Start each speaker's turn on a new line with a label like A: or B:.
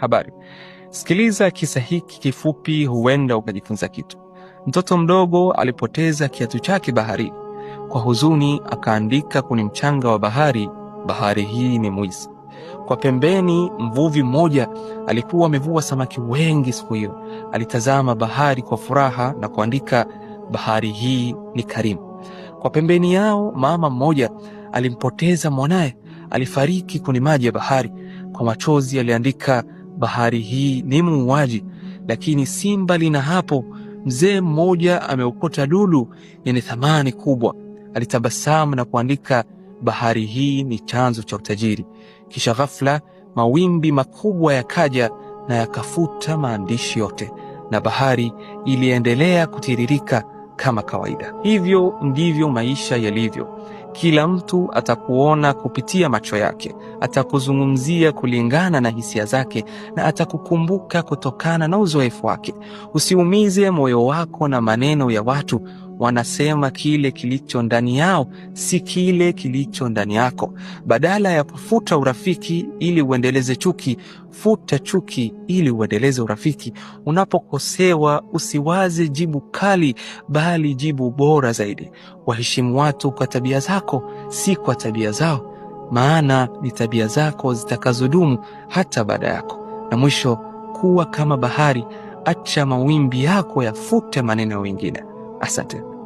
A: Habari. Sikiliza kisa hiki kifupi, huenda ukajifunza kitu. Mtoto mdogo alipoteza kiatu chake baharini. Kwa huzuni, akaandika kwenye mchanga wa bahari, bahari hii ni mwizi. Kwa pembeni, mvuvi mmoja alikuwa amevua samaki wengi siku hiyo. Alitazama bahari kwa furaha na kuandika, bahari hii ni karimu. Kwa pembeni yao, mama mmoja alimpoteza mwanaye, alifariki kwenye maji ya bahari. Kwa machozi, aliandika bahari hii ni muuaji. Lakini si mbali na hapo, mzee mmoja ameokota lulu yenye thamani kubwa. Alitabasamu na kuandika, bahari hii ni chanzo cha utajiri. Kisha ghafla mawimbi makubwa yakaja na yakafuta maandishi yote, na bahari iliendelea kutiririka kama kawaida. Hivyo ndivyo maisha yalivyo. Kila mtu atakuona kupitia macho yake, atakuzungumzia kulingana na hisia zake, na atakukumbuka kutokana na uzoefu wake. Usiumize moyo wako na maneno ya watu wanasema kile kilicho ndani yao si kile kilicho ndani yako. Badala ya kufuta urafiki ili uendeleze chuki, futa chuki ili uendeleze urafiki. Unapokosewa usiwaze jibu kali, bali jibu bora zaidi. Waheshimu watu kwa tabia zako, si kwa tabia zao, maana ni tabia zako zitakazodumu hata baada yako. Na mwisho, kuwa kama bahari, acha mawimbi yako yafute maneno wengine. I it.